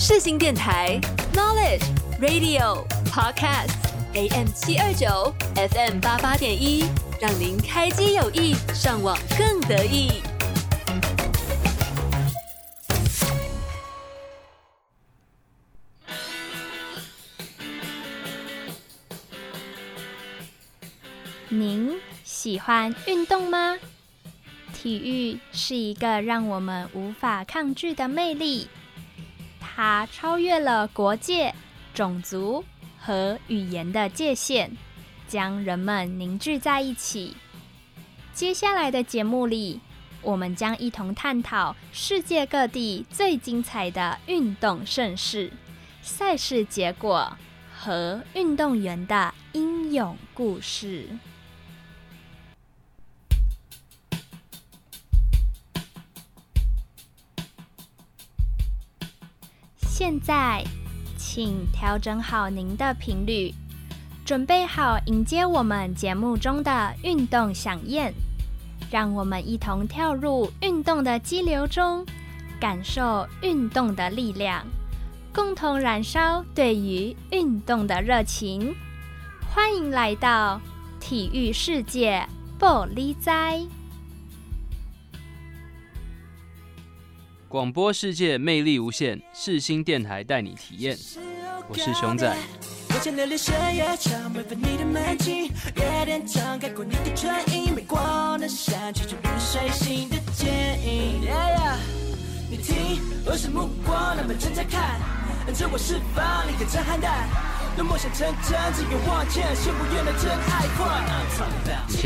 世新電台 Knowledge Radio Podcast AM 七二九 FM 八八點一，讓您開機有意，上網更得意。您喜歡運動嗎？體育是一個讓我們無法抗拒的魅力。它超越了國界、種族和語言的界限，將人們凝聚在一起。接下來的節目裡，我們將一同探討世界各地最精彩的運動盛事、賽事結果和運動員的英勇故事。現在，請調整好您的頻率，準備好迎接我們節目中的運動饗宴，讓我們一同跳入運動的激流中，感受運動的力量，共同燃燒對於運動的熱情。歡迎來到體育世界，不離哉！廣播世界魅力無限，世新電台帶你體驗。我是熊仔，你現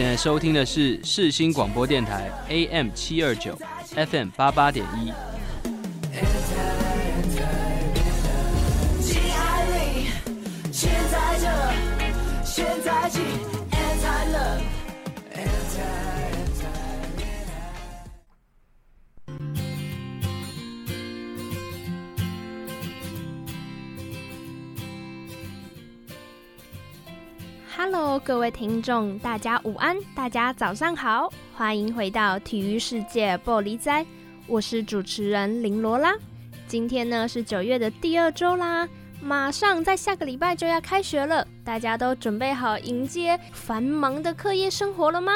在收聽的是世新廣播電台 AM 七二九 FM 八八點一。AM729, Hello，各位聽眾，大家午安，大家早上好，歡迎回到體育世界玻璃哉，我是主持人林蘿菈。今天呢是九月的第二週啦，馬上在下個禮拜就要開學了，大家都準備好迎接繁忙的課業生活了嗎？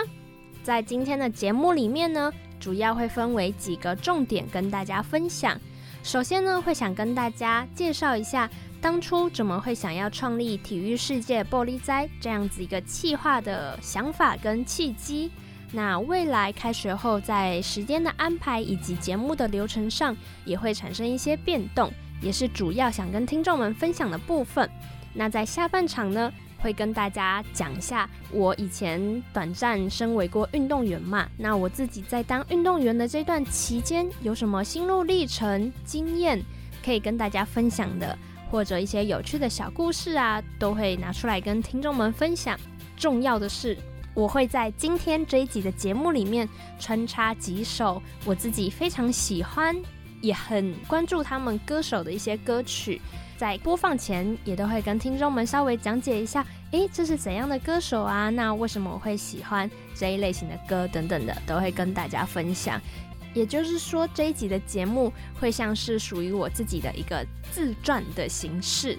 在今天的節目裡面呢，主要會分為幾個重點跟大家分享。首先呢，會想跟大家介紹一下。當初怎麼會想要創立體育世界玻璃災這樣子一個企劃的想法跟契機。那未來開學後，在時間的安排以及節目的流程上也會產生一些變動，也是主要想跟聽眾們分享的部分。那在下半場呢，會跟大家講一下我以前短暫身為過運動員嘛。那我自己在當運動員的這段期間有什麼心路歷程、經驗可以跟大家分享的，或者一些有趣的小故事啊，都會拿出來跟聽眾們分享。重要的是，我會在今天這一集的節目裡面穿插幾首我自己非常喜歡、也很關注他們歌手的一些歌曲。在播放前，也都會跟聽眾們稍微講解一下：誒，這是怎樣的歌手啊？那為什麼我會喜歡這一類型的歌？等等的，都會跟大家分享。也就是說，這一集的節目會像是屬於我自己的一個自傳的形式。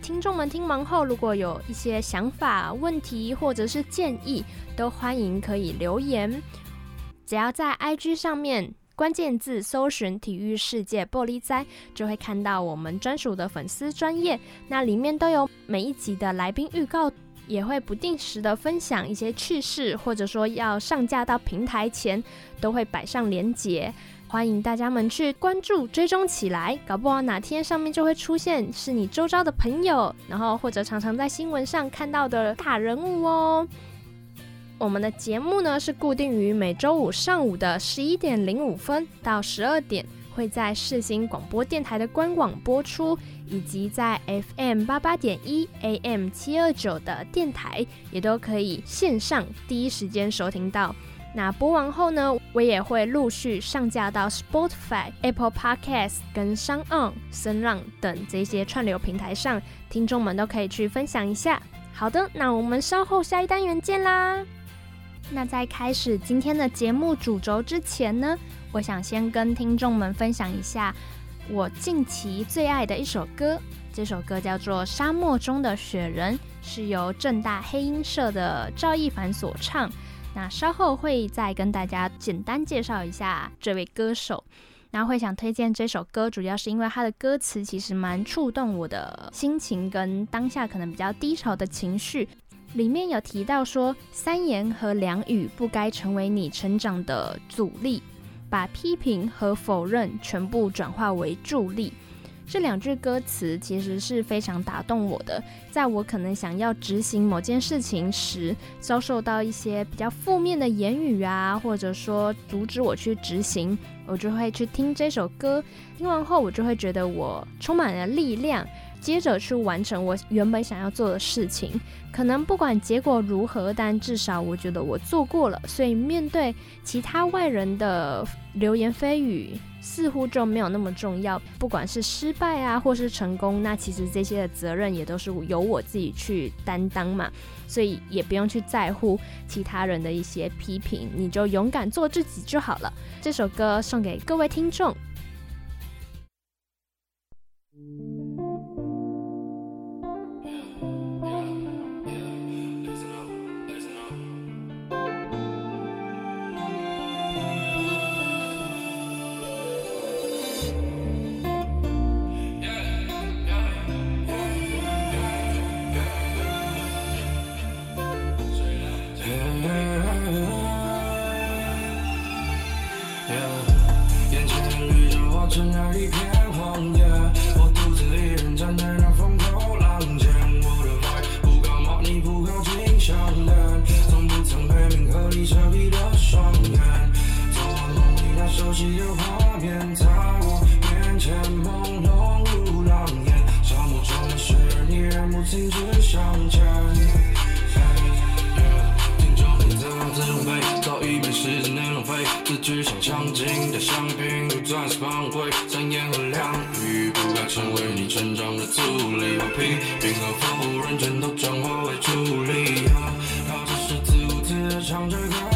聽眾們聽完後，如果有一些想法、問題或者是建議，都歡迎可以留言。只要在 IG 上面關鍵字搜尋“體育世界玻璃災”，就會看到我們專屬的粉絲專頁，那裡面都有每一集的來賓預告。也會不定時的分享一些趣事，或者說要上架到平台前，都會擺上鏈接，歡迎大家們去關注、追蹤起來，搞不好哪天上面就會出現是你周遭的朋友，然後或者常常在新聞上看到的大人物哦。我們的節目呢，是固定於每周五上午的十一點零五分到十二點。會在世新廣播電台的官網播出，以及在 FM 八八點一 AM 七二九的電台也都可以線上第一時間收聽到。那播完後呢，我也會陸續上架到 Spotify、Apple Podcast 跟 Sound、森 n 等這些串流平台上，聽眾們都可以去分享一下。好的，那我們稍後下一單元見啦。那在開始今天的節目主軸之前呢，我想先跟聽眾們分享一下我近期最愛的一首歌，這首歌叫做《沙漠中的雪人》，是由政大黑音社的趙翊帆所唱。那稍後會再跟大家簡單介紹一下這位歌手。然後會想推薦這首歌，主要是因為他的歌詞其實蠻觸動我的心情跟當下可能比較低潮的情緒。裡面有提到說，三言和兩語不該成為你成長的阻力。把批評和否認全部轉化為助力，這兩句歌詞其實是非常打動我的。在我可能想要執行某件事情時，遭受到一些比較負面的言語啊，或者說阻止我去執行，我就會去聽這首歌。聽完後，我就會覺得我充滿了力量。接着去完成我原本想要做的事情，可能不管結果如何，但至少我覺得我做過了。所以面對其他外人的流言蜚語，似乎就沒有那麼重要。不管是失敗啊，或是成功，那其實這些的責任也都是由我自己去擔當嘛。所以也不用去在乎其他人的一些批評，你就勇敢做自己就好了。這首歌送給各位聽眾。站在一片荒野，我獨自一人站在那風口浪尖。我的愛不告冒，你不靠近笑臉，從不曾被名和利遮蔽的雙眼。在我夢裡那熟悉的畫面，在我眼前朦朧如狼煙。沙漠中的雪人是你，讓我停止向前。黑夜，天真的自卑，早已被時間內浪費，字句像鑲金的相片。鑽石般的回憶，三言和兩語不該成為你成長的阻力。把批評和否認全都轉化為助力，他只是自顧自地唱着歌。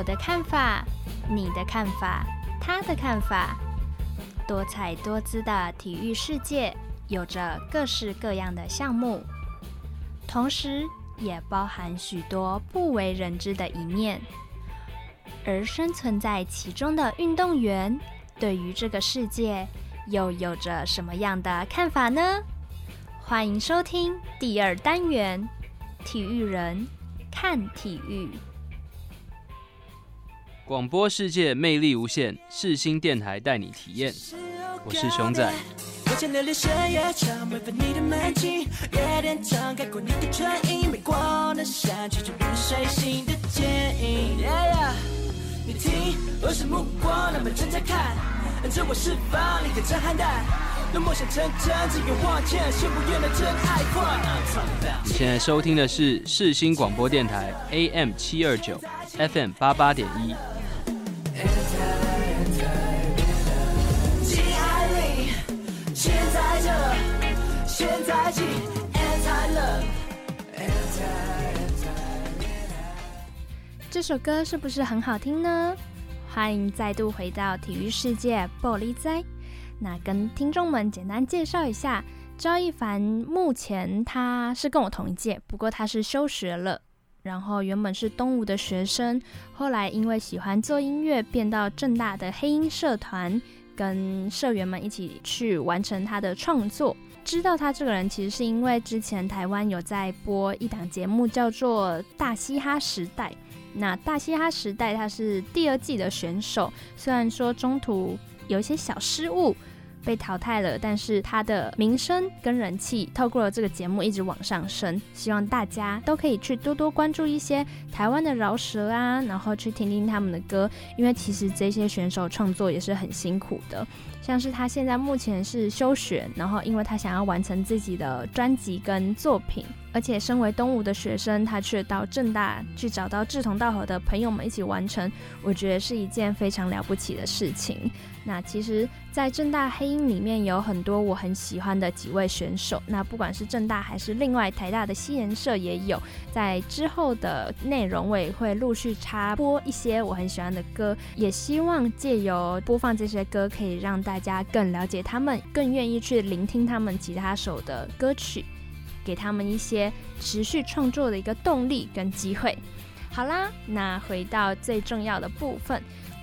我的看法，你的看法，他的看法。多彩多姿的體育世界有着各式各樣的項目，同時也包含許多不為人知的一面。而生存在其中的運動員，對於這個世界又有着什麼樣的看法呢？歡迎收聽第二單元《體育人看體育》。廣播世界魅力無限，世新電台帶你體驗。我是熊仔。這是我我想的夜沒，你現在收聽的是世新廣播電台 AM 七二九 FM 八八點一。這首歌是不是很好聽呢？歡迎再度回到體育世界，玻璃仔。那跟聽眾們簡單介紹一下，趙翊帆目前他是跟我同一屆，不過他是休學了。然後原本是東吳的學生，後來因為喜歡做音樂，變到政大的黑音社團，跟社員們一起去完成他的創作。知道他這個人，其實是因為之前台灣有在播一檔節目叫做《大嘻哈時代》。那《大嘻哈時代》，他是第二季的選手，雖然說中途有一些小失誤被淘汰了，但是他的名聲跟人氣，透過了這個節目一直往上升。希望大家都可以去多多關注一些台灣的饒舌啊，然後去聽聽他們的歌，因為其實這些選手創作也是很辛苦的。像是他現在目前是休學，然後因為他想要完成自己的專輯跟作品。而且，身為東吳的學生，他卻到政大去找到志同道合的朋友們一起完成，我覺得是一件非常了不起的事情。那其實，在政大黑音裡面有很多我很喜歡的幾位選手，那不管是政大還是另外台大的嘻研社也有，在之後的內容我也會陸續插播一些我很喜歡的歌，也希望借由播放這些歌，可以讓大家更了解他們，更願意去聆聽他們其他首的歌曲。給他們一些持續創作的一個動力跟機會。好啦，那回到最重要的部分，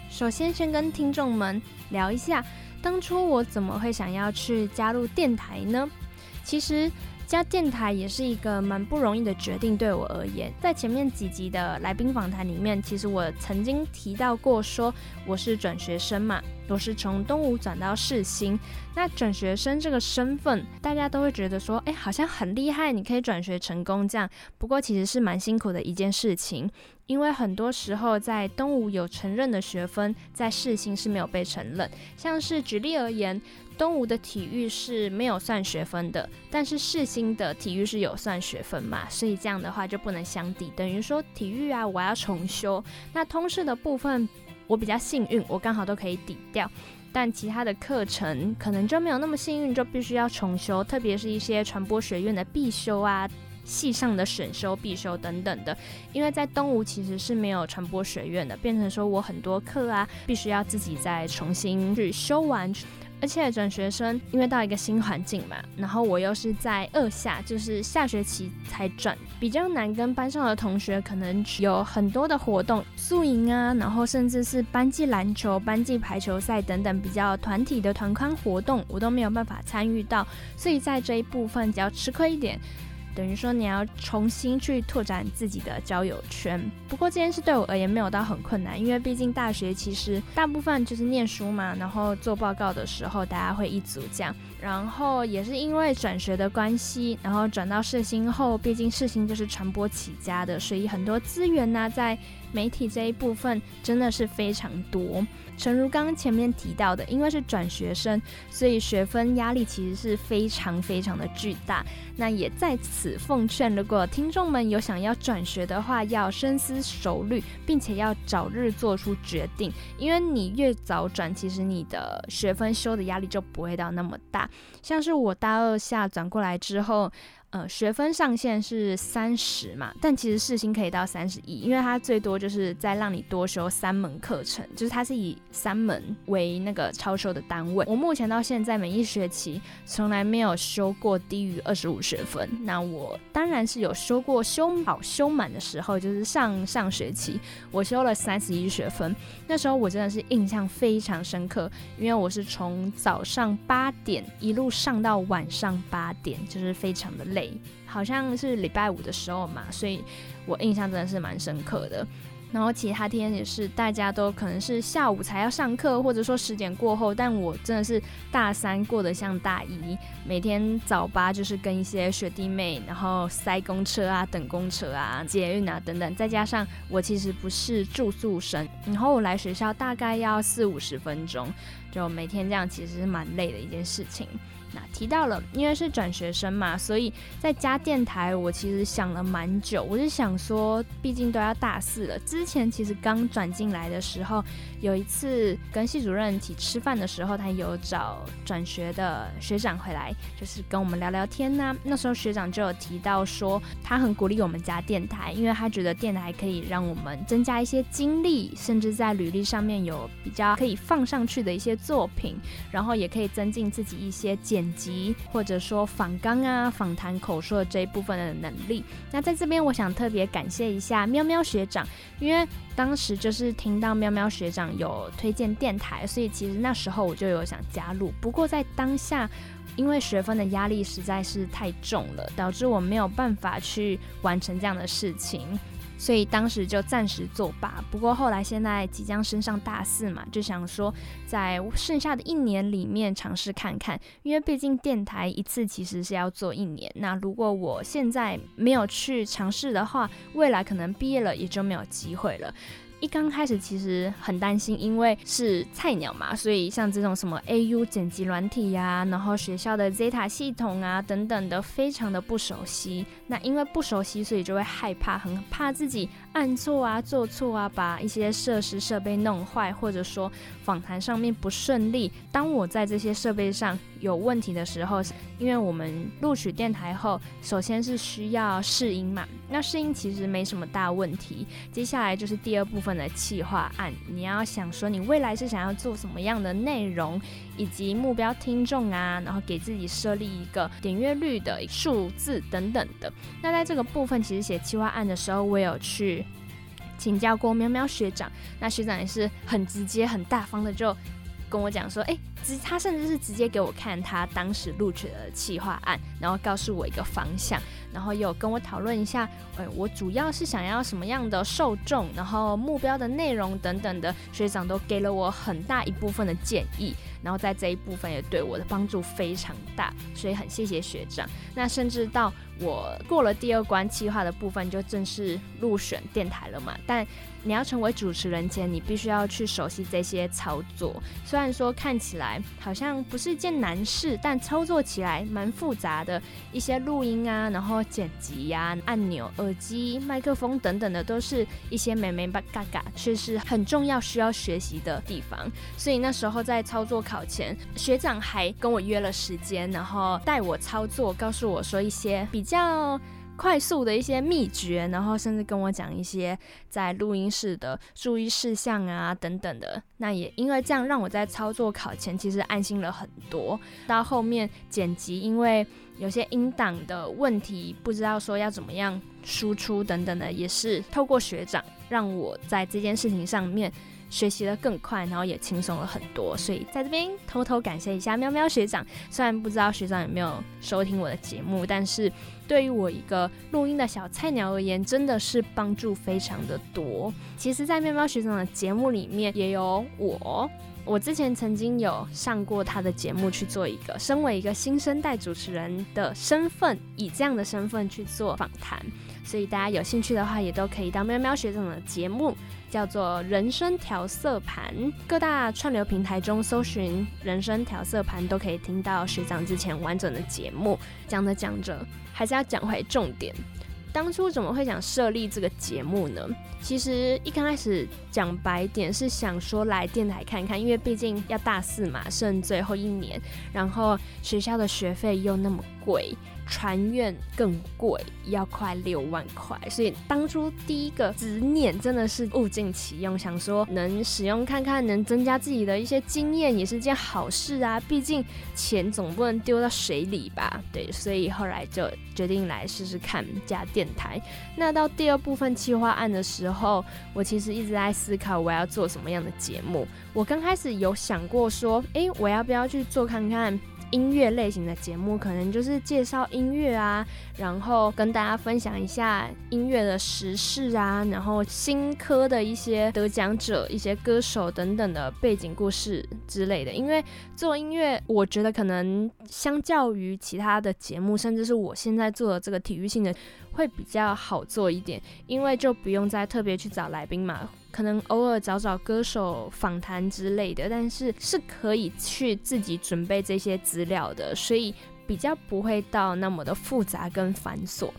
首先先跟聽眾們聊一下，當初我怎麼會想要去加入電台呢？其實。加電台也是一個蠻不容易的決定，對我而言，在前面幾集的來賓訪談裡面，其實我曾經提到過，說我是轉學生嘛，我是從東吳轉到世新。那轉學生這個身份，大家都會覺得說，哎，好像很厲害，你可以轉學成功這樣。不過其實是蠻辛苦的一件事情，因為很多時候在東吳有承認的學分，在世新是沒有被承認。像是舉例而言。東吳的體育是沒有算學分的，但是世新的體育是有算學分嘛，所以這樣的話就不能相抵，等於說體育啊，我要重修。那通識的部分我比較幸運，我剛好都可以抵掉，但其他的課程可能就沒有那麼幸運，就必須要重修，特別是一些傳播學院的必修啊，系上的選修、必修等等的，因為在東吳其實是沒有傳播學院的，變成說我很多課啊，必須要自己再重新去修完。而且轉學生，因為到一個新環境嘛，然後我又是在二下，就是下學期才轉，比較難跟班上的同學可能有很多的活動，宿營啊，然後甚至是班際籃球、班際排球賽等等比較團體的團康活動，我都沒有辦法參與到，所以在這一部分比較吃虧一點。等於說，你要重新去拓展自己的交友圈，不過這件事對我而言沒有到很困難，因為畢竟大學其實大部分就是念書嘛，然後做報告的時候大家會一組講，然後也是因為轉學的關係，然後轉到世新後，畢竟世新就是傳播起家的，所以很多資源呢在。媒體這一部分真的是非常多。誠如剛剛前面提到的，因為是轉學生，所以學分壓力其實是非常非常的巨大。那也在此奉勸，如果聽眾們有想要轉學的話，要深思熟慮，並且要早日做出決定。因為你越早轉，其實你的學分修的壓力就不會到那麼大。像是我大二下轉過來之後，呃，學分上限是三十嘛，但其實世新可以到三十一，因為它最多就是在讓你多修三門課程，就是它是以三門為那個超收的單位。我目前到現在每一學期從來沒有修過低於二十五學分。那我當然是有修過修好，修滿的時候，就是上上學期我修了三十一學分，那時候我真的是印象非常深刻，因為我是從早上八點一路上到晚上八點，就是非常的累，好像是禮拜五的時候嘛，所以我印象真的是蠻深刻的。然後其他天也是，大家都可能是下午才要上課，或者說十點過後。但我真的是大三過得像大一，每天早八就是跟一些學弟妹，然後塞公車啊、等公車啊、捷運啊等等。再加上我其實不是住宿生，然後我來學校大概要四五十分鐘，就每天這樣，其實是蠻累的一件事情。提到了，因為是轉學生嘛，所以在家電台我其實想了蠻久。我是想說，畢竟都要大四了，之前其實剛轉進來的時候。有一次跟系主任一起吃飯的時候，他有找轉學的學長回來，就是跟我們聊聊天吶、啊。那時候學長就有提到說，他很鼓勵我們家電台，因為他覺得電台可以讓我們增加一些經歷，甚至在履歷上面有比較可以放上去的一些作品，然後也可以增進自己一些剪輯或者說訪綱啊訪談口述這一部分的能力。那在這邊，我想特別感謝一下喵喵學長，因為當時就是聽到喵喵學長。有推薦電台，所以其實那時候我就有想加入。不過在當下，因為學分的壓力實在是太重了，導致我沒有辦法去完成這樣的事情，所以當時就暫時作罷。不過後來現在即將升上大四嘛，就想說在剩下的一年裡面嘗試看看，因為畢竟電台一次其實是要做一年。那如果我現在沒有去嘗試的話，未來可能畢業了也就沒有機會了。一剛開始其實很擔心，因為是菜鳥嘛，所以像這種什麼 AU 剪輯軟體呀、啊，然後學校的 Zeta 系統啊等等的，非常的不熟悉。那因為不熟悉，所以就會害怕，很，很怕自己。按錯啊，做錯啊，把一些設施設備弄壞，或者說訪談上面不順利。當我在這些設備上有問題的時候，因為我們錄取電台後，首先是需要試音嘛。那試音其實沒什麼大問題，接下來就是第二部分的企劃案。你要想說，你未來是想要做什麼樣的內容？以及目標聽眾啊，然後給自己設立一個點閱率的數字等等的。那在這個部分，其實寫企劃案的時候，我有去請教過喵喵學長。那學長也是很直接、很大方的，就跟我講說：“誒、欸，其實他甚至是直接給我看他當時錄取的企劃案，然後告訴我一個方向，然後又跟我討論一下，嗯、欸，我主要是想要什麼樣的受眾，然後目標的內容等等的。學長都給了我很大一部分的建議。”然後在這一部分也對我的幫助非常大，所以很謝謝學長。那甚至到我過了第二關企劃的部分，就正式入選電台了嘛。但你要成為主持人前，你必須要去熟悉這些操作。雖然說看起來好像不是一件難事，但操作起來蠻複雜的。一些錄音啊，然後剪輯呀、啊，按鈕、耳機、麥克風等等的，都是一些眉眉角角，卻是很重要需要學習的地方。所以那時候在操作，考前學長還跟我約了時間，然後帶我操作，告訴我說一些比較快速的一些秘訣，然後甚至跟我講一些在錄音室的注意事項啊等等的。那也因為這樣，讓我在操作考前其實安心了很多。到後面剪輯，因為有些音檔的問題，不知道說要怎麼樣輸出等等的，也是透過學長讓我在這件事情上面。學習得更快，然後也輕鬆了很多，所以在這邊偷偷感謝一下喵喵學長。雖然不知道學長有沒有收聽我的節目，但是對於我一個錄音的小菜鳥而言，真的是幫助非常的多。其實在，在喵喵學長的節目裡面，也有我。我之前曾經有上過他的節目去做一個，身為一個新生代主持人的身份，以這樣的身份去做訪談。所以大家有興趣的話，也都可以到喵喵學長的節目。叫做《人生調色盤》，各大串流平台中搜尋《人生調色盤》都可以聽到學長之前完整的節目。講着講着，還是要講回重點。當初怎麼會想設立這個節目呢？其實一開始講白點是想說來電台看看，因為畢竟要大四嘛，剩最後一年，然後學校的學費又那麼貴。船院更貴，要快六萬塊，所以當初第一個執念真的是物盡其用，想說能使用看看，能增加自己的一些經驗也是件好事啊，畢竟錢總不能丟到水裡吧？對，所以後來就決定來試試看加電台。那到第二部分企劃案的時候，我其實一直在思考我要做什麼樣的節目。我剛開始有想過說，哎、欸，我要不要去做看看？音樂類型的節目，可能就是介紹音樂啊，然後跟大家分享一下音樂的時事啊，然後新科的一些得獎者、一些歌手等等的背景故事之類的。因為做音樂，我覺得可能相較於其他的節目，甚至是我現在做的這個體育性的。會比較好做一點，因為就不用再特別去找來賓嘛，可能偶爾找找歌手訪談之類的，但是是可以去自己準備這些資料的，所以比較不會到那麼的複雜跟繁瑣。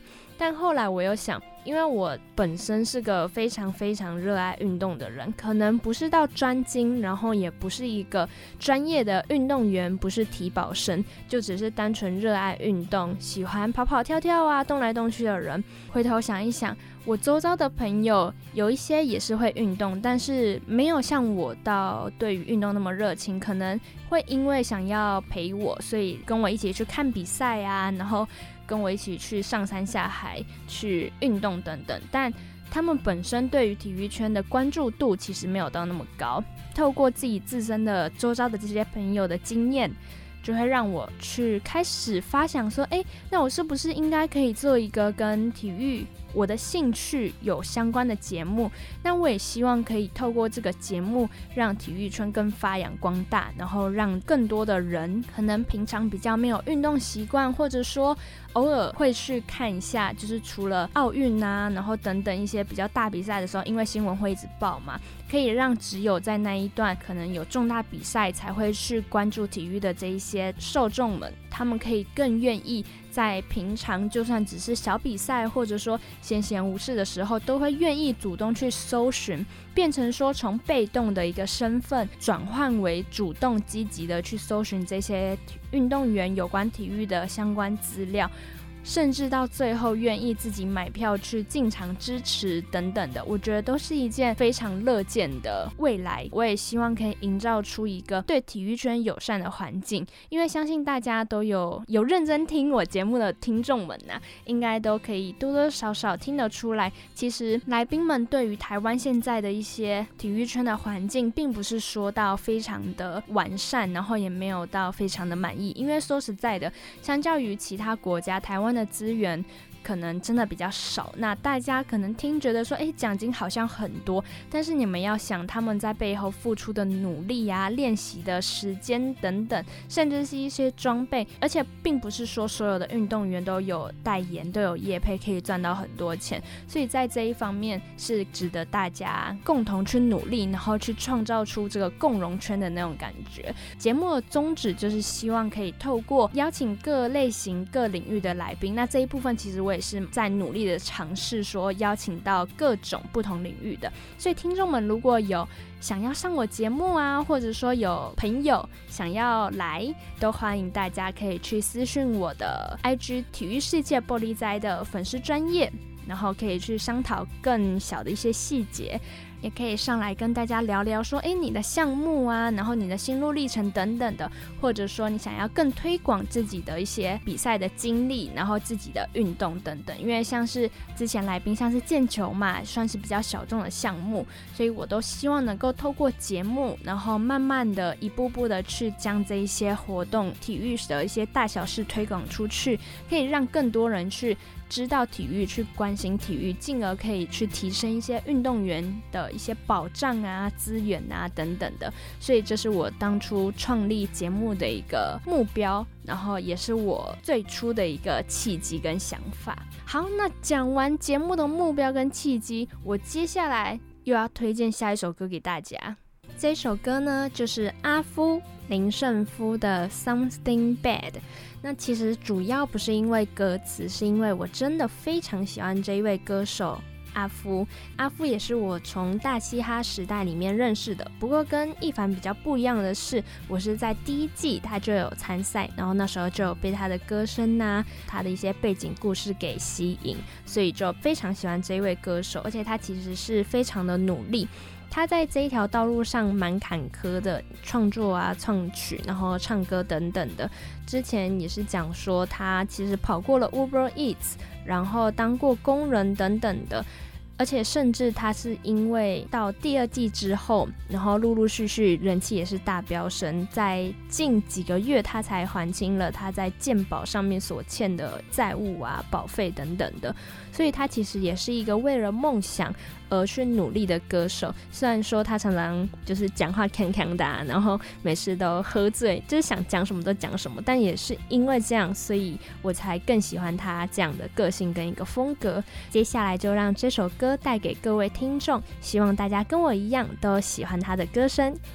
但後來我又想，因為我本身是個非常非常熱愛運動的人，可能不是到專精，然後也不是一個專業的運動員，不是體保生，就只是單純熱愛運動，喜歡跑跑跳跳啊，動來動去的人。回頭想一想，我周遭的朋友有一些也是會運動，但是沒有像我到對於運動那麼熱情，可能會因為想要陪我，所以跟我一起去看比賽啊，然後。跟我一起去上山下海、去運動等等，但他們本身對於體育圈的關注度其實沒有到那麼高。透過自己自身的周遭的這些朋友的經驗，就會讓我去開始發想說：哎、欸，那我是不是應該可以做一個跟體育我的興趣有相關的節目，那我也希望可以透過這個節目，讓體育圈更發揚光大，然後讓更多的人，可能平常比較沒有運動習慣，或者說偶爾會去看一下，就是除了奧運啊，然後等等一些比較大比賽的時候，因為新聞會一直報嘛，可以讓只有在那一段可能有重大比賽才會去關注體育的這一些受眾們，他們可以更願意。在平常，就算只是小比賽，或者說閒閒無事的時候，都會願意主動去搜尋，變成說從被動的一個身份轉換為主動、積極地去搜尋這些運動員有關體育的相關資料。甚至到最後願意自己買票去進場支持等等的，我覺得都是一件非常樂見的未來。我也希望可以營造出一個對體育圈友善的環境，因為相信大家都有有認真聽我節目的聽眾們吶、啊，應該都可以多多少少聽得出來，其實來賓們對於台灣現在的一些體育圈的環境，並不是說到非常的完善，然後也沒有到非常的滿意。因為說實在的，相較於其他國家，台灣關的資源。可能真的比較少，那大家可能聽覺得說，誒、欸，獎金好像很多，但是你們要想他們在背後付出的努力呀、啊、練習的時間等等，甚至是一些裝備，而且並不是說所有的運動員都有代言、都有業配可以賺到很多錢，所以在這一方面是值得大家共同去努力，然後去創造出這個共榮圈的那種感覺。節目的宗旨就是希望可以透過邀請各類型、各領域的來賓，那這一部分其實我也。也是在努力的嘗試，說邀請到各種不同領域的，所以聽眾們如果有想要上我節目啊，或者說有朋友想要來，都歡迎大家可以去私訊我的 IG 體育世界玻璃災的粉絲專頁，然後可以去商討更小的一些細節。也可以上來跟大家聊聊，說，哎、欸，你的項目啊，然後你的心路歷程等等的，或者說你想要更推廣自己的一些比賽的經歷，然後自己的運動等等。因為像是之前來賓像是毽球嘛，算是比較小眾的項目，所以我都希望能夠透過節目，然後慢慢的一步步的去將這一些活動、體育的一些大小事推廣出去，可以讓更多人去。知道體育，去關心體育，進而可以去提升一些運動員的一些保障啊、資源啊等等的。所以這是我當初創立節目的一個目標，然後也是我最初的一個契機跟想法。好，那講完節目的目標跟契機，我接下來又要推薦下一首歌給大家。這首歌呢，就是阿夫林勝夫的《Something Bad》。那其實主要不是因為歌詞，是因為我真的非常喜歡這一位歌手，阿夫。阿夫也是我從大嘻哈時代裡面認識的，不過跟翊帆比較不一樣的是，我是在第一季他就有參賽，然後那時候就有被他的歌聲吶、啊，他的一些背景故事給吸引，所以就非常喜歡這一位歌手，而且他其實是非常的努力。他在這一條道路上蠻坎坷的，創作啊、創曲，然後唱歌等等的。之前也是講說，他其實跑過了 Uber Eats，然後當過工人等等的。而且甚至他是因為到第二季之後，然後陸陸續續人氣也是大飆升，在近幾個月他才還清了他在健保上面所欠的債務啊、保費等等的。所以他其實也是一個為了夢想，而去努力的歌手，雖然說他常常就是講話侃侃的啊，然後每次都喝醉，就是想講什麼都講什麼，但也是因為這樣，所以我才更喜歡他這樣的個性跟一個風格。接下來就讓這首歌帶給各位聽眾，希望大家跟我一樣都喜歡他的歌聲。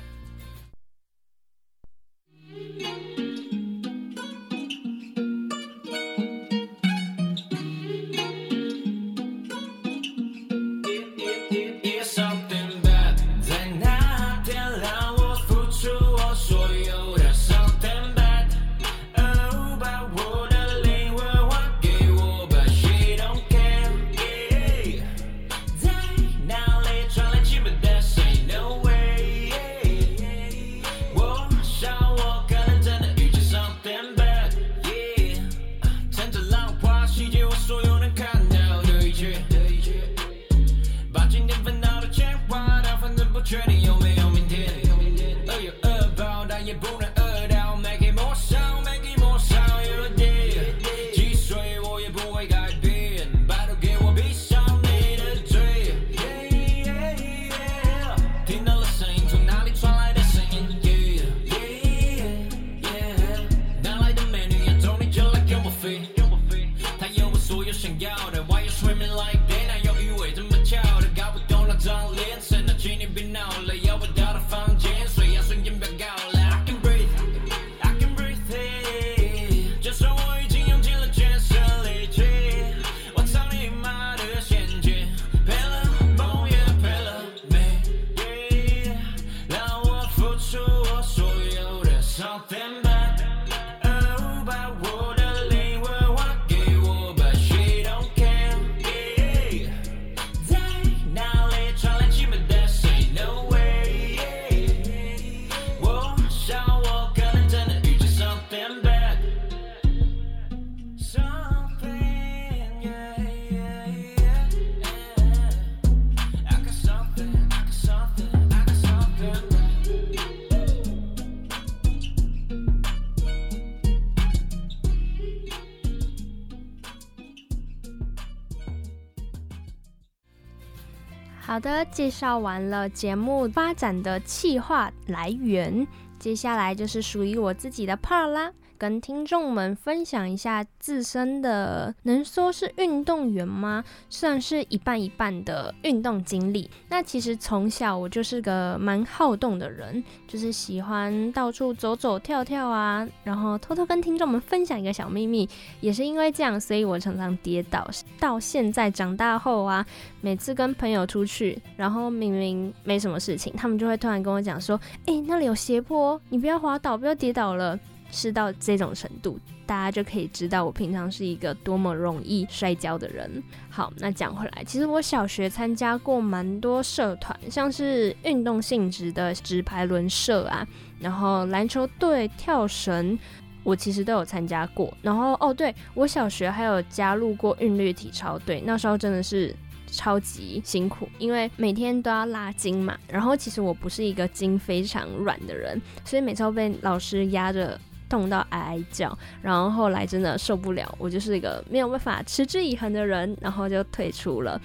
好的，介紹完了節目發展的企劃來源，接下來就是屬於我自己的 part 啦。跟聽眾們分享一下自身的，能說是運動員嗎？算是一半一半的運動經歷。那其實從小我就是個蠻好動的人，就是喜歡到處走走跳跳啊。然後偷偷跟聽眾們分享一個小秘密，也是因為這樣，所以我常常跌倒。到現在長大後啊，每次跟朋友出去，然後明明沒什麼事情，他們就會突然跟我講說：“誒，那裡有斜坡，你不要滑倒，不要跌倒了。”是到這種程度，大家就可以知道我平常是一個多麼容易摔跤的人。好，那講回來，其實我小學參加過蠻多社團，像是運動性質的直排輪社啊，然後籃球隊、跳繩，我其實都有參加過。然後哦，對，我小學還有加入過韻律體操隊，那時候真的是超級辛苦，因為每天都要拉筋嘛。然後其實我不是一個筋非常軟的人，所以每次都被老師壓着。痛到哀哀叫，然後後來真的受不了，我就是一個沒有辦法持之以恆的人，然後就退出了。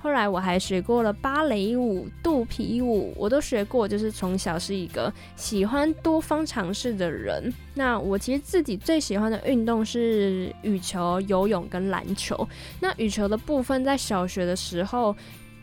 後來我還學過了芭蕾舞、肚皮舞，我都學過，就是從小是一個喜歡多方嘗試的人。那我其實自己最喜歡的運動是羽球、游泳跟籃球。那羽球的部分，在小學的時候，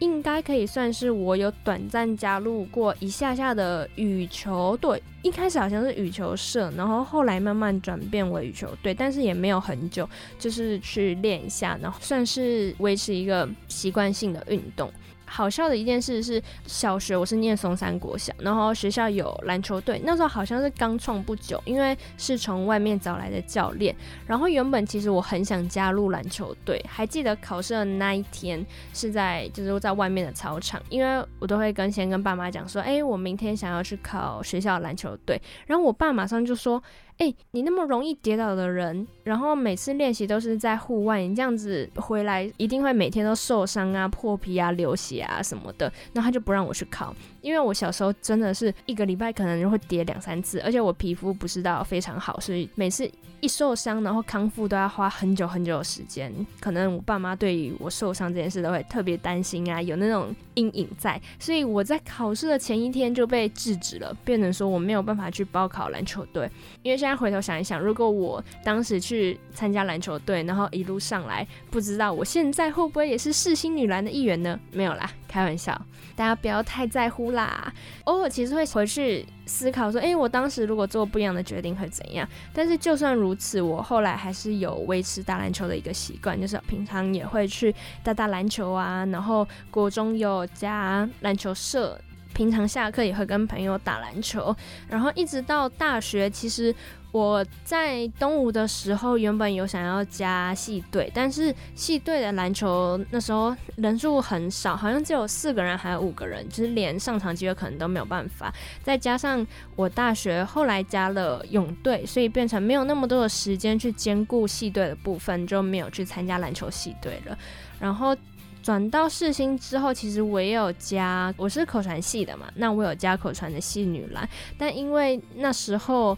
應該可以算是我有短暫加入過一下下的羽球隊，一開始好像是羽球社，然後後來慢慢轉變為羽球隊，但是也沒有很久，就是去練一下，然後算是維持一個習慣性的運動。好笑的一件事是，小學我是念松山國小，然後學校有籃球隊，那時候好像是剛創不久，因為是從外面找來的教練。然後原本其實我很想加入籃球隊，還記得考試的那一天是在，就是在外面的操場，因為我都會跟先跟爸媽講說，哎、欸，我明天想要去考學校籃球隊，然後我爸馬上就說。哎、欸，你那麼容易跌倒的人，然後每次練習都是在戶外，你這樣子回來一定會每天都受傷啊、破皮啊、流血啊什麼的，那他就不讓我去考。因為我小時候真的是一個禮拜可能就會跌兩三次，而且我皮膚不是到非常好，所以每次一受傷然後康復都要花很久很久的時間。可能我爸媽對於我受傷這件事都會特別擔心啊，有那種陰影在。所以我在考試的前一天就被制止了，變成說我沒有辦法去報考籃球隊。因為現在回頭想一想，如果我當時去參加籃球隊，然後一路上來，不知道我現在會不會也是世新女籃的一員呢？沒有啦。開玩笑，大家不要太在乎啦。偶爾其實會回去思考說，誒、欸，我當時如果做不一樣的決定會怎樣？但是就算如此，我後來還是有維持打籃球的一個習慣，就是平常也會去打打籃球啊。然後國中有加籃球社。平常下課也會跟朋友打籃球，然後一直到大學。其實我在東吳的時候，原本有想要加系隊，但是系隊的籃球那時候人數很少，好像只有四個人，還有五個人，就是連上場機會可能都沒有辦法。再加上我大學後來加了泳隊，所以變成沒有那麼多的時間去兼顧系隊的部分，就沒有去參加籃球系隊了。然後。轉到世新之後，其實我也有加，我是口傳系的嘛，那我有加口傳的系女籃，但因為那時候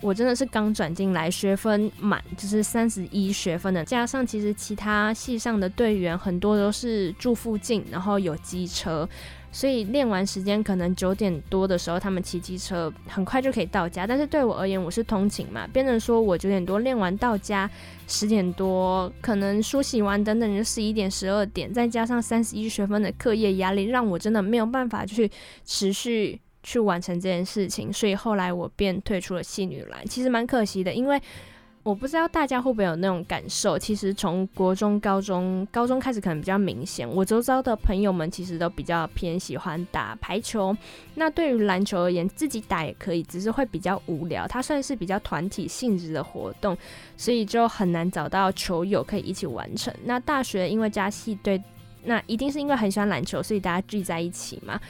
我真的是剛轉進來，學分滿就是三十一學分的，加上其實其他系上的隊員很多都是住附近，然後有機車。所以練完時間可能九點多的時候，他們騎機車很快就可以到家。但是對我而言，我是通勤嘛，變成說我九點多練完到家，十點多可能梳洗完等等就十一點十二點，再加上三十一學分的課業壓力，讓我真的沒有辦法去持續去完成這件事情。所以後來我便退出了系女籃，其實蠻可惜的，因為。我不知道大家會不會有那種感受，其實從國中、高中、高中開始可能比較明顯。我周遭的朋友們其實都比較偏喜歡打排球，那對於籃球而言，自己打也可以，只是會比較無聊。它算是比較團體性質的活動，所以就很難找到球友可以一起完成。那大學因為加系隊，那一定是因為很喜歡籃球，所以大家聚在一起嘛。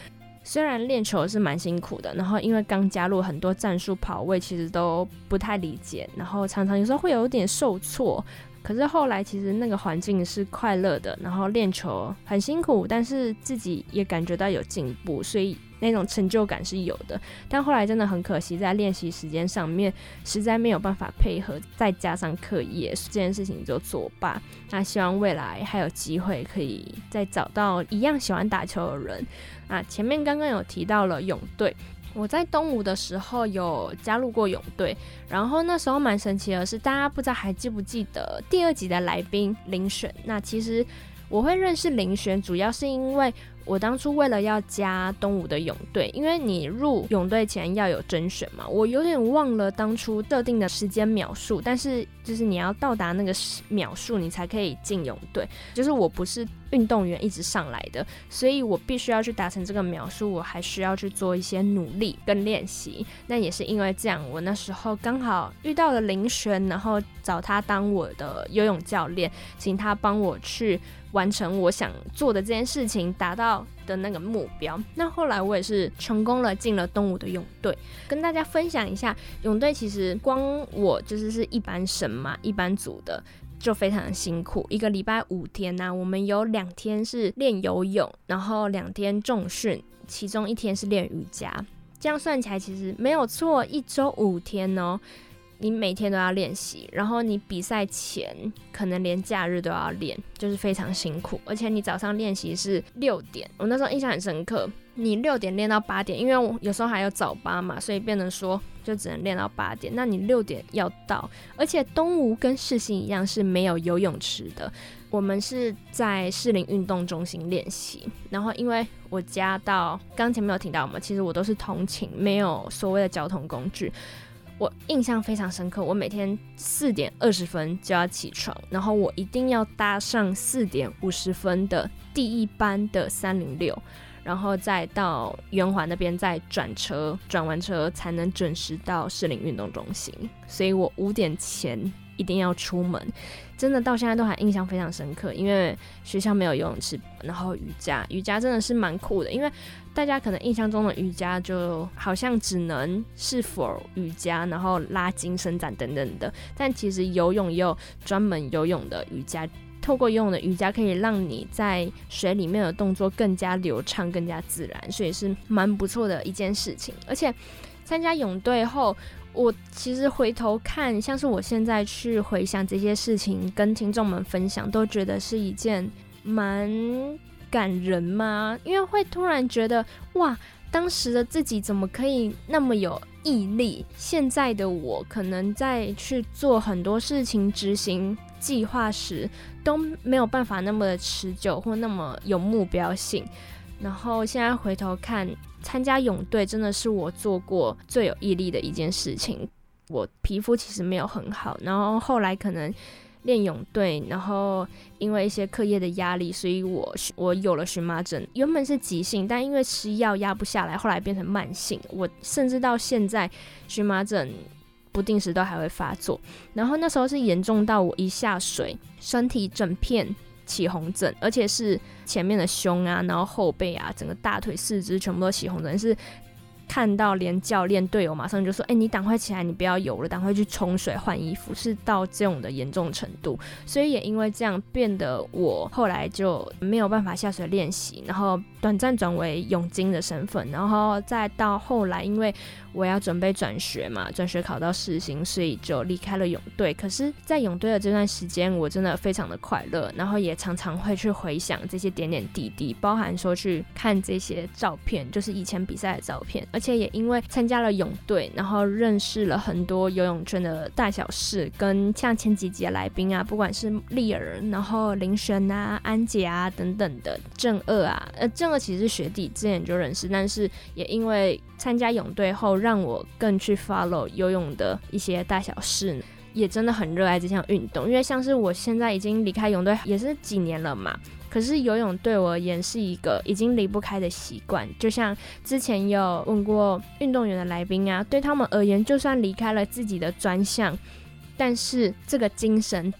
雖然練球是蠻辛苦的，然後因為剛加入很多戰術跑位，其實都不太理解，然後常常有時候會有點受挫。可是後來其實那個環境是快樂的，然後練球很辛苦，但是自己也感覺到有進步，所以。那種成就感是有的，但後來真的很可惜，在練習時間上面實在沒有辦法配合，再加上課業這件事情就作罷。那希望未來還有機會可以再找到一樣喜歡打球的人。啊，前面剛剛有提到了泳隊，我在東吳的時候有加入過泳隊，然後那時候蠻神奇的是，大家不知道還記不記得第二集的來賓林選？那其實。我會認識林璇，主要是因為我當初為了要加東吳的泳隊，因為你入泳隊前要有甄選嘛。我有點忘了當初特定的時間秒數，但是就是你要到達那個秒數，你才可以進泳隊。就是我不是運動員一直上來的，所以我必須要去達成這個秒數，我還需要去做一些努力跟練習。那也是因為這樣，我那時候剛好遇到了林璇，然後找他當我的游泳教練，請他幫我去。完成我想做的這件事情，達到的那個目標。那後來我也是成功了，進了東吳的泳隊，跟大家分享一下泳隊。其實光我就是是一般生嘛，一般組的就非常的辛苦。一個禮拜五天呢、啊，我們有兩天是練游泳，然後兩天重訓，其中一天是練瑜伽。這樣算起來其實沒有錯，一周五天哦、喔。你每天都要練習，然後你比賽前可能連假日都要練，就是非常辛苦。而且你早上練習是六點，我那時候印象很深刻，你六點練到八點，因為我有時候還有早八嘛，所以變成說就只能練到八點。那你六點要到，而且東吳跟世新一樣是沒有游泳池的，我們是在士林運動中心練習。然後因為我家到剛前沒有聽到嘛，其實我都是通勤，沒有所謂的交通工具。我印象非常深刻，我每天四點二十分就要起床，然後我一定要搭上四點五十分的第一班的三零六，然後再到圓環那邊再轉車，轉完車才能準時到士林運動中心。所以我五點前一定要出門，真的到現在都還印象非常深刻，因為學校沒有游泳池，然後瑜伽，瑜伽真的是蠻酷的，因為。大家可能印象中的瑜伽就好像只能是否瑜伽，然後拉筋、伸展等等的。但其實游泳也有專門游泳的瑜伽，透過游泳的瑜伽可以讓你在水裡面的動作更加流暢、更加自然，所以是蠻不錯的一件事情。而且參加泳隊後，我其實回頭看，像是我現在去回想這些事情，跟聽眾們分享，都覺得是一件蠻。感人嗎？因為會突然覺得，哇，當時的自己怎麼可以那麼有毅力？現在的我可能在去做很多事情、執行計劃時，都沒有辦法那麼持久或那麼有目標性。然後現在回頭看，參加泳隊真的是我做過最有毅力的一件事情。我皮膚其實沒有很好，然後後來可能。練泳隊，然後因為一些課業的壓力，所以我我有了蕁麻疹。原本是急性，但因為吃藥壓不下來，後來變成慢性。我甚至到現在，蕁麻疹不定時都還會發作。然後那時候是嚴重到我一下水，身體整片起紅疹，而且是前面的胸啊，然後後背啊，整個大腿、四肢全部都起紅疹，是。看到連教練隊友馬上就說：“哎、欸，你趕快起來，你不要游了，趕快去沖水換衣服。”是到這種的嚴重程度，所以也因為這樣變得我後來就沒有辦法下水練習，然後短暫轉為泳金的身份，然後再到後來因為。我要準備轉學嘛，轉學考到世新，所以就離開了泳隊。可是，在泳隊的這段時間，我真的非常的快樂，然後也常常會去回想這些點點滴滴，包含說去看這些照片，就是以前比賽的照片。而且也因為參加了泳隊，然後認識了很多游泳圈的大小事，跟像前幾集的來賓啊，不管是麗兒、然後林璇啊、安姐啊等等的正二啊，呃，正二其實是學弟之前就認識，但是也因為參加泳隊後認。讓我更去 follow 游泳的一些大小事呢，也真的很熱愛這項運動。因為像是我現在已經離開泳隊也是幾年了嘛，可是游泳對我而言是一個已經離不開的習慣。就像之前有問過運動員的來賓啊，對他們而言，就算離開了自己的專項，但是這個精神、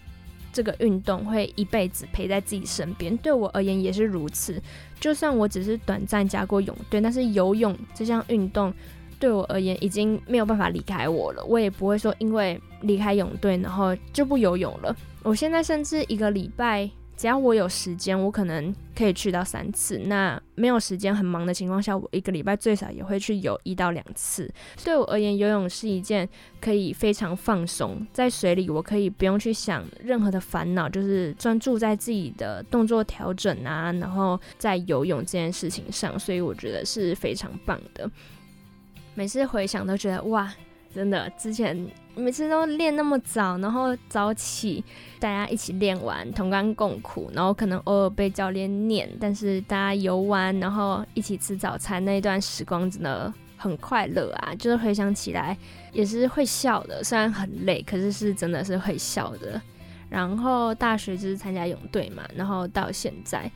這個運動會一輩子陪在自己身邊。對我而言也是如此。就算我只是短暫加過泳隊，但是游泳這項運動。對我而言，已經沒有辦法離開我了。我也不會說因為離開泳隊，然後就不游泳了。我現在甚至一個禮拜，只要我有時間，我可能可以去到三次。那沒有時間很忙的情況下，我一個禮拜最少也會去游一到兩次。對我而言，游泳是一件可以非常放鬆，在水裡我可以不用去想任何的煩惱，就是專注在自己的動作調整啊，然後在游泳這件事情上。所以我覺得是非常棒的。每次回想都覺得哇，真的，之前每次都練那麼早，然後早起，大家一起練完，同甘共苦，然後可能偶爾被教練念。但是大家游完，然後一起吃早餐，那一段時光真的很快樂啊！就是回想起來也是會笑的，雖然很累，可是是真的是會笑的。然後大學就是參加泳隊嘛，然後到現在。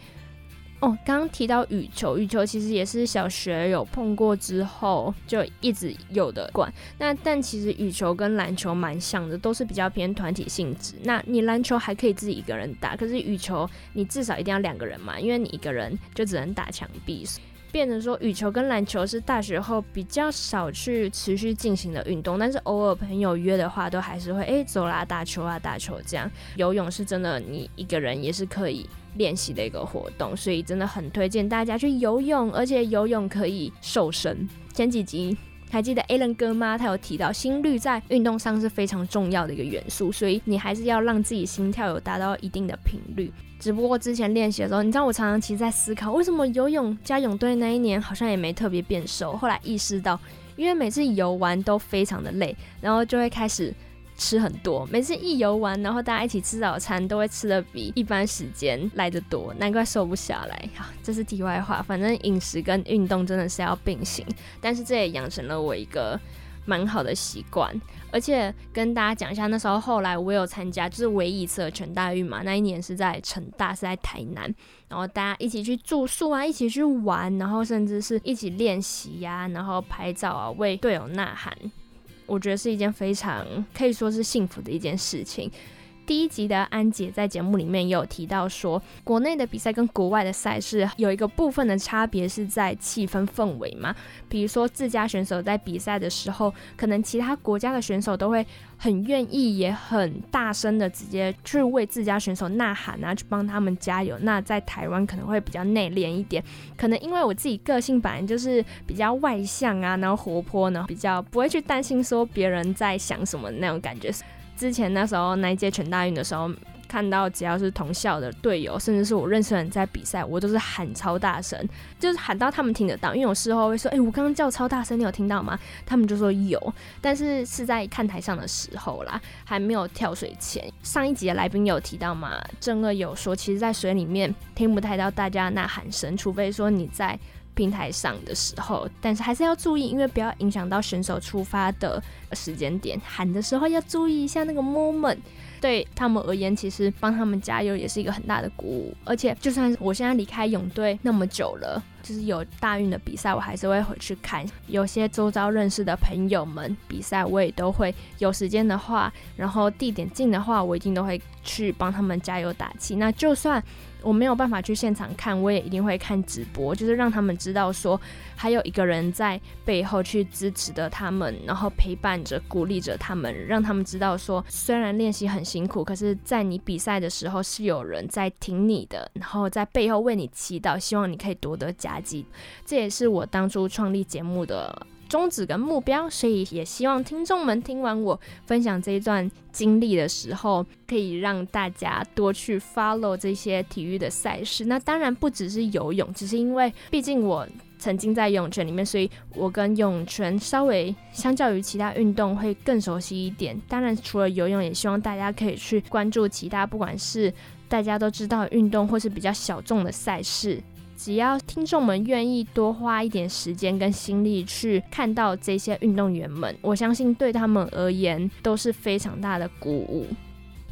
哦，剛剛提到羽球，羽球其實也是小學有碰過之後就一直有的玩。那但其實羽球跟籃球蠻像的，都是比較偏團體性質。那你籃球還可以自己一個人打，可是羽球你至少一定要兩個人嘛，因為你一個人就只能打牆壁。變成說羽球跟籃球是大學後比較少去持續進行的運動，但是偶爾朋友約的話都還是會哎走啦，打球啊，打球這樣。游泳是真的，你一個人也是可以練習的一個活動，所以真的很推薦大家去游泳，而且游泳可以瘦身。前幾集還記得 Alan 哥嗎？他有提到心率在運動上是非常重要的一個元素，所以你還是要讓自己心跳有達到一定的頻率。只不過之前練習的時候，你知道我常常其實在思考，為什麼游泳加泳隊那一年好像也沒特別變瘦？後來意識到，因為每次游完都非常的累，然後就會開始。吃很多，每次一游玩，然後大家一起吃早餐，都會吃得比一般時間來得多，難怪瘦不下來啊。這是題外話，反正飲食跟運動真的是要並行，但是這也養成了我一個蠻好的習慣。而且跟大家講一下，那時候後來我有參加，就是唯一一次的全大運嘛，那一年是在成大，是在台南，然後大家一起去住宿啊，一起去玩，然後甚至是一起練習呀，然後拍照啊，為隊友吶喊。我覺得是一件非常可以說是幸福的一件事情。第一集的安姐在節目裡面也有提到說，國內的比賽跟國外的賽事有一個部分的差別是在氣氛氛圍嘛，比如說自家選手在比賽的時候，可能其他國家的選手都會很願意也很大聲的直接去為自家選手吶喊，然後去幫他們加油。那在台灣可能會比較內斂一點，可能因為我自己個性本來就是比較外向啊，然後活潑呢，比較不會去擔心說別人在想什麼那種感覺。之前那時候那一屆全大運的時候，看到只要是同校的隊友，甚至是我認識的人在比賽，我都是喊超大聲，就是喊到他們聽得到。因為我事後會說：“哎、欸，我剛剛叫超大聲，你有聽到嗎？”他們就說有，但是是在看台上的時候啦，還沒有跳水前。上一集的來賓有提到嘛，鄭樂有說，其實在水裡面聽不太到大家吶喊聲，除非說你在。平台上的時候，但是還是要注意，因為不要影響到選手出發的時間點。喊的時候要注意一下那個 moment，對他們而言，其實幫他們加油也是一個很大的鼓舞。而且，就算我現在離開泳隊那麼久了，就是有大運的比賽，我還是會回去看。有些周遭認識的朋友們比賽，我也都會有時間的話，然後地點近的話，我一定都會去幫他們加油打氣。那就算。我沒有辦法去現場看，我也一定會看直播，就是讓他們知道說，還有一個人在背後去支持着他們，然後陪伴着、鼓勵着他們，讓他們知道說，雖然練習很辛苦，可是在你比賽的時候是有人在挺你的，然後在背後為你祈禱，希望你可以奪得佳績。這也是我當初創立節目的。宗旨跟目標，所以也希望聽眾們聽完我分享這一段經歷的時候，可以讓大家多去 follow 這些體育的賽事。那當然不只是游泳，只是因為畢竟我曾經在泳圈裡面，所以我跟泳圈稍微相較於其他運動會更熟悉一點。當然除了游泳，也希望大家可以去關注其他，不管是大家都知道運動，或是比較小眾的賽事。只要聽眾們願意多花一點時間跟心力去看到這些運動員們，我相信對他們而言都是非常大的鼓舞。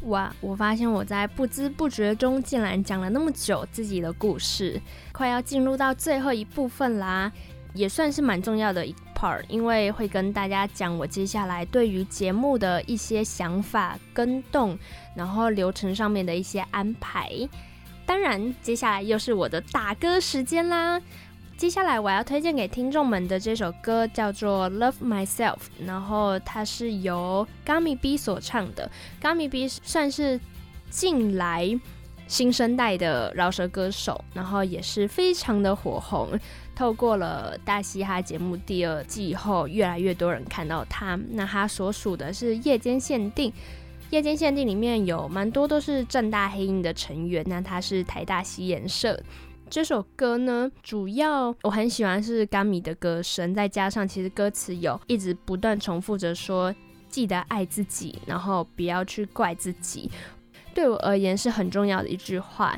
哇，我發現我在不知不覺中竟然講了那麼久自己的故事，快要進入到最後一部分啦，也算是蠻重要的一 part，因為會跟大家講我接下來對於節目的一些想法更動，然後流程上面的一些安排。當然，接下來又是我的打歌時間啦！接下來我要推薦給聽眾們的這首歌叫做《Love Myself》，然後它是由 Gummy B 所唱的。Gummy B 算是近來新生代的饒舌歌手，然後也是非常的火紅。透過了大嘻哈節目第二季以後，越來越多人看到他。那他所屬的是夜間限定。夜間限定裡面有蠻多都是政大黑音的成員。那他是台大嘻研社。這首歌呢，主要我很喜歡是 Gummy 的歌聲，再加上其實歌詞有一直不斷重複着說“記得愛自己”，然後不要去怪自己。對我而言是很重要的一句話，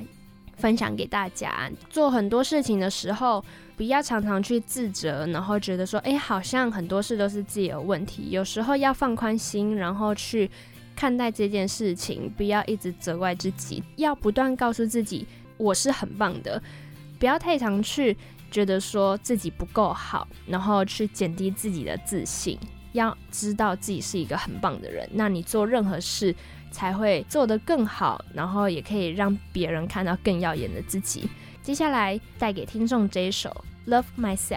分享給大家。做很多事情的時候，不要常常去自責，然後覺得說“哎，好像很多事都是自己有問題”。有時候要放寬心，然後去看待這件事情，不要一直責怪自己，要不斷告訴自己我是很棒的，不要太常去覺得說自己不夠好，然後去減低自己的自信。要知道自己是一個很棒的人，那你做任何事才會做得更好，然後也可以讓別人看到更耀眼的自己。接下來帶給聽眾這一首《Love Myself》。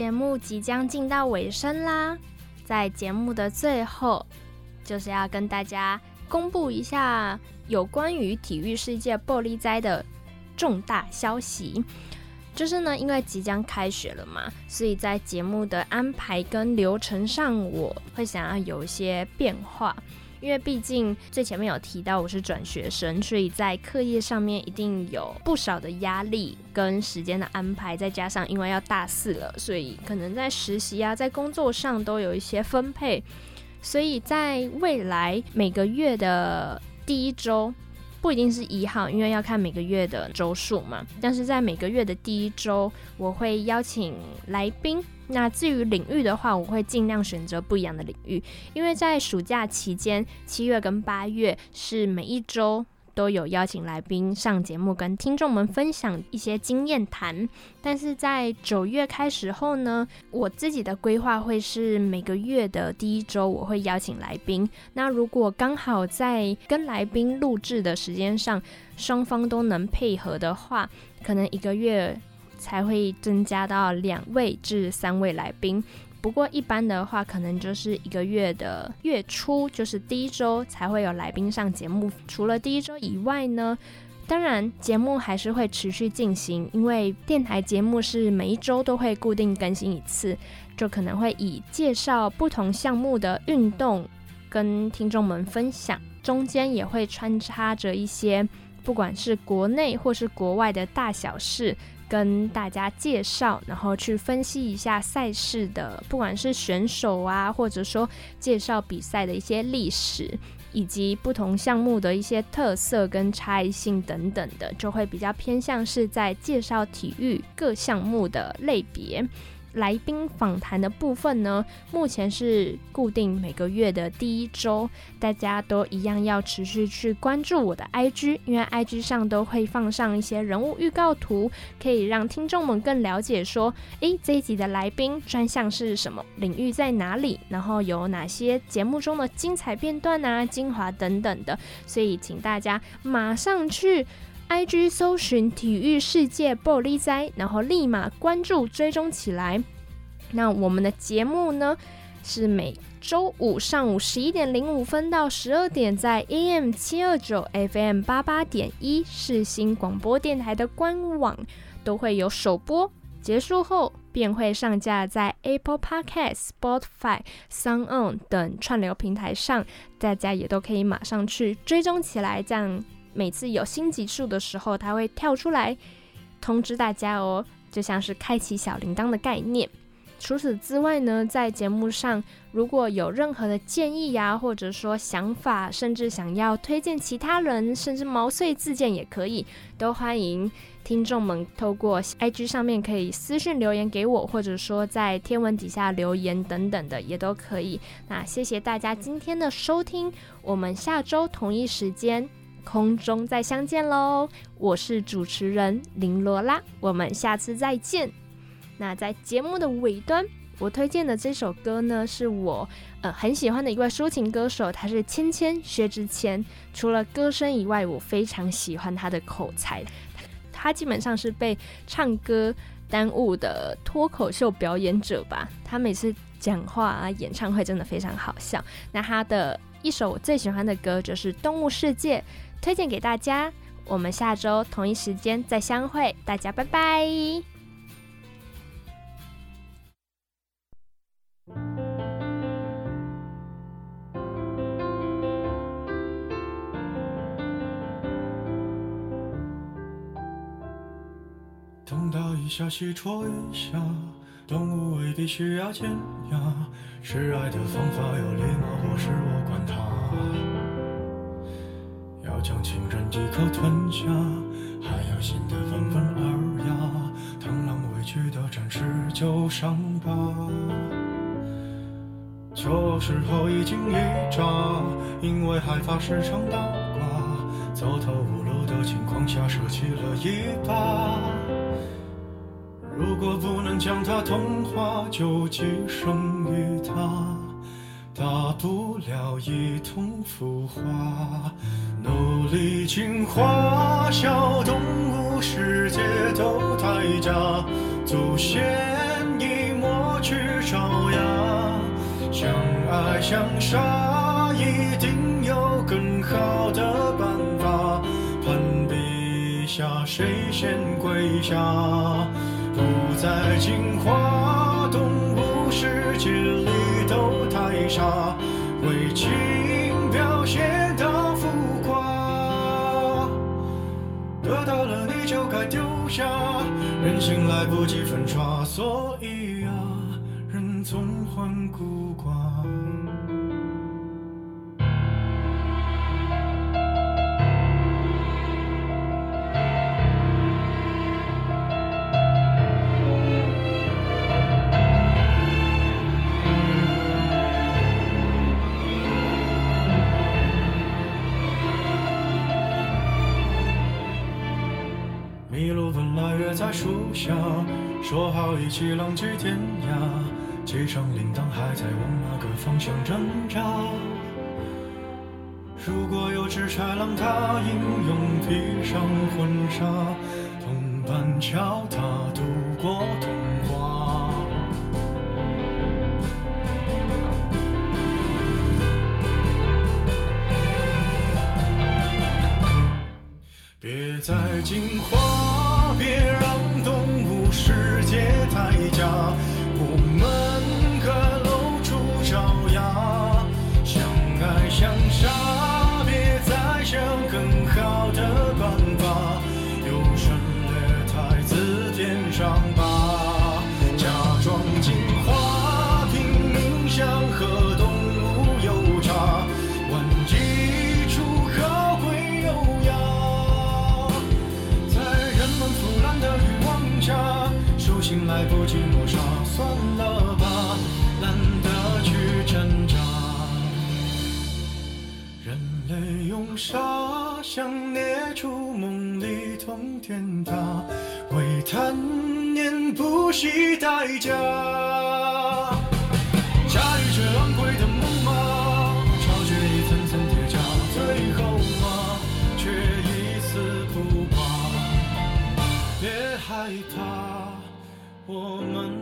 節目即將進到尾聲啦，在節目的最後，就是要跟大家公布一下有關於體育世界暴力災的重大消息。就是呢，因為即將開學了嘛，所以在節目的安排跟流程上，我會想要有一些變化。因為畢竟最前面有提到我是轉學生，所以在課業上面一定有不少的壓力跟時間的安排，再加上因為要大四了，所以可能在實習啊，在工作上都有一些分配，所以在未來每個月的第一周，不一定是一號，因為要看每個月的周數嘛，但是在每個月的第一周，我會邀請來賓。那至於領域的話，我會盡量選擇不一樣的領域，因為在暑假期間，七月跟八月是每一周都有邀請來賓上節目，跟聽眾們分享一些經驗談。但是在九月開始後呢，我自己的規劃會是每個月的第一周我會邀請來賓。那如果剛好在跟來賓錄制的時間上雙方都能配合的話，可能一個月。才會增加到兩位至三位來賓。不過一般的話，可能就是一個月的月初，就是第一週才會有來賓上節目。除了第一週以外呢，當然節目還是會持續進行，因為電台節目是每一週都會固定更新一次，就可能會以介紹不同項目的運動跟聽眾們分享。中間也會穿插着一些不管是國內或是國外的大小事。跟大家介紹，然後去分析一下賽事的，不管是選手啊，或者說介紹比賽的一些歷史，以及不同項目的一些特色跟差異性等等的，就會比較偏向是在介紹體育各項目的類別。來賓訪談的部分呢，目前是固定每個月的第一周，大家都一樣要持續去關注我的 IG，因為 IG 上都會放上一些人物預告圖，可以讓聽眾們更了解說，誒，這一集的來賓專項是什麼領域在哪裡，然後有哪些節目中的精彩片段啊、精華等等的，所以請大家馬上去。IG 搜尋體育世界 Bolly 然後立馬關注追蹤起來。那我們的節目呢，是每周五上午十一點零五分到十二點，在 AM 七二九 FM 八八點一世新廣播電台的官網都會有首播。結束後便會上架在 Apple Podcast、Spotify、Sound On 等串流平台上，大家也都可以馬上去追蹤起來，這樣。每次有新集數的時候，它會跳出來通知大家哦，就像是開啟小鈴鐺的概念。除此之外呢，在節目上如果有任何的建議呀、啊，或者說想法，甚至想要推薦其他人，甚至毛遂自薦也可以，都歡迎聽眾們透過 IG 上面可以私信留言給我，或者說在天文底下留言等等的也都可以。那謝謝大家今天的收聽，我們下周同一時間。空中再相見嘍！我是主持人林蘿菈，我們下次再見。那在節目的尾端，我推薦的這首歌呢，是我呃很喜歡的一位抒情歌手，他是謙謙薛之謙。除了歌聲以外，我非常喜歡他的口才。他基本上是被唱歌耽誤的脫口秀表演者吧。他每次講話啊，演唱會真的非常好笑。那他的一首我最喜歡的歌就是《動物世界》。推薦給大家，我們下周同一時間再相會，大家拜拜。東打一下，西戳一下，動物未必需要尖牙，示愛的方法有禮貌，或是我管他。要將情人一口吞下，還要顯得溫文爾雅。螳螂委屈的展示舊傷疤，求偶時候一驚一乍，因為害怕時常倒掛。走投無路的情況下，捨棄了尾巴。如果不能將它同化，就寄生於它，大不了一同腐化。努力進化，小動物世界都太假，祖先已抹去爪牙，相愛相殺一定有更好的辦法，攀比一下誰先跪下？不再進化，動物世界裡都太傻，危機。人心來不及粉抓，所以啊，人總患孤寡。在樹下說好一起浪跡天涯，繫上鈴鐺還在往哪個方向掙扎？如果有只豺狼，它英勇披上婚紗，同伴橋它度過童話。別再驚慌。沙像捏出夢裡通天塔，為貪念不惜代價。駕馭着昂貴的木馬，巢穴裡一層層鐵甲，最後啊，卻一絲不掛。別害怕，我們。